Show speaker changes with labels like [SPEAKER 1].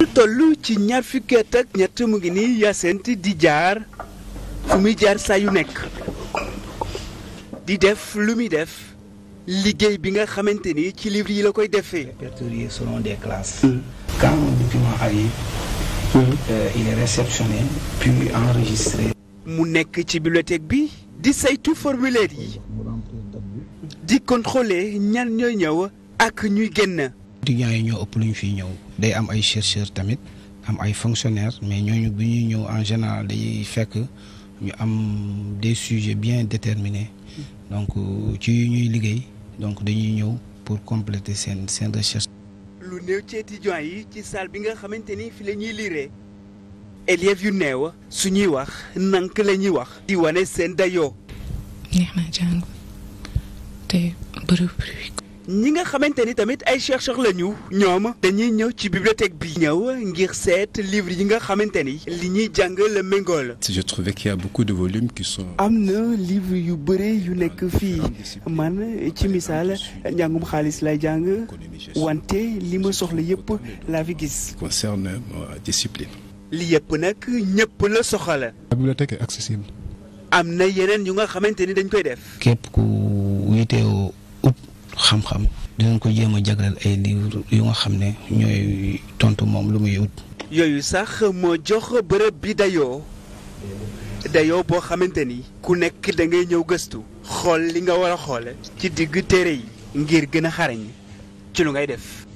[SPEAKER 1] lu toll ci ñaar fukki at mu ngi nii Hyacinthe di jaar fu muy yu nekk di def lu muy def liggéey bi nga xamante ni ci livre yi la koy defee.
[SPEAKER 2] répertorié selon des classes. Hmm. Hmm. Euh, il est réceptionné puis enregistré.
[SPEAKER 1] mu nekk ci bibliothèque bi di saytu formulaire yi di contrôler ñan ñooy ñëw ak ñuy génn.
[SPEAKER 2] étudiants yi ñoo ëpp lu ñu fiy ñëw day am ay chercheurs tamit am ay fonctionnaires mais ñooñu bi ñuy ñëw en général day fekk ñu am des sujets bien déterminés donc ci ñuy liggéey donc dañuy ñëw pour compléter seen seen recherche.
[SPEAKER 1] lu néew ci yi ci salle bi nga xamante ni fi la ñuy liiree élèves yu neewa suñuy wax nank la ñuy wax. di wane seen dayoo. ñi nga xamante ni tamit ay chercheur la ñu ñoom dañuy ñëw ci bibliothèque bi ñëw ngir seet livre yi nga xamante ni li ñuy jàng la méngoo la je trouvais qu'il y a am na livre yu bëre yu nekk fii man ci misaal njàngum xaalis lay jàng wante li ma soxla yëpp laa fi gis. concerne ma discipline. li yëpp nag ñëpp la soxala
[SPEAKER 2] la bibliothèque est accessible.
[SPEAKER 1] am na yeneen yu nga xamante ni dañ koy def.
[SPEAKER 2] képp ku yitewoo xam-xam dinañ ko jéem a jagleel ay livre yu nga xam ne ñooy tontu moom lu muy wut.
[SPEAKER 1] yooyu sax moo jox bërëb bi dayoo dayoo boo xamante ni ku nekk da ngay ñëw gëstu xool li nga war a xoole ci digg téere yi ngir gën a xarañ ci lu ngay def.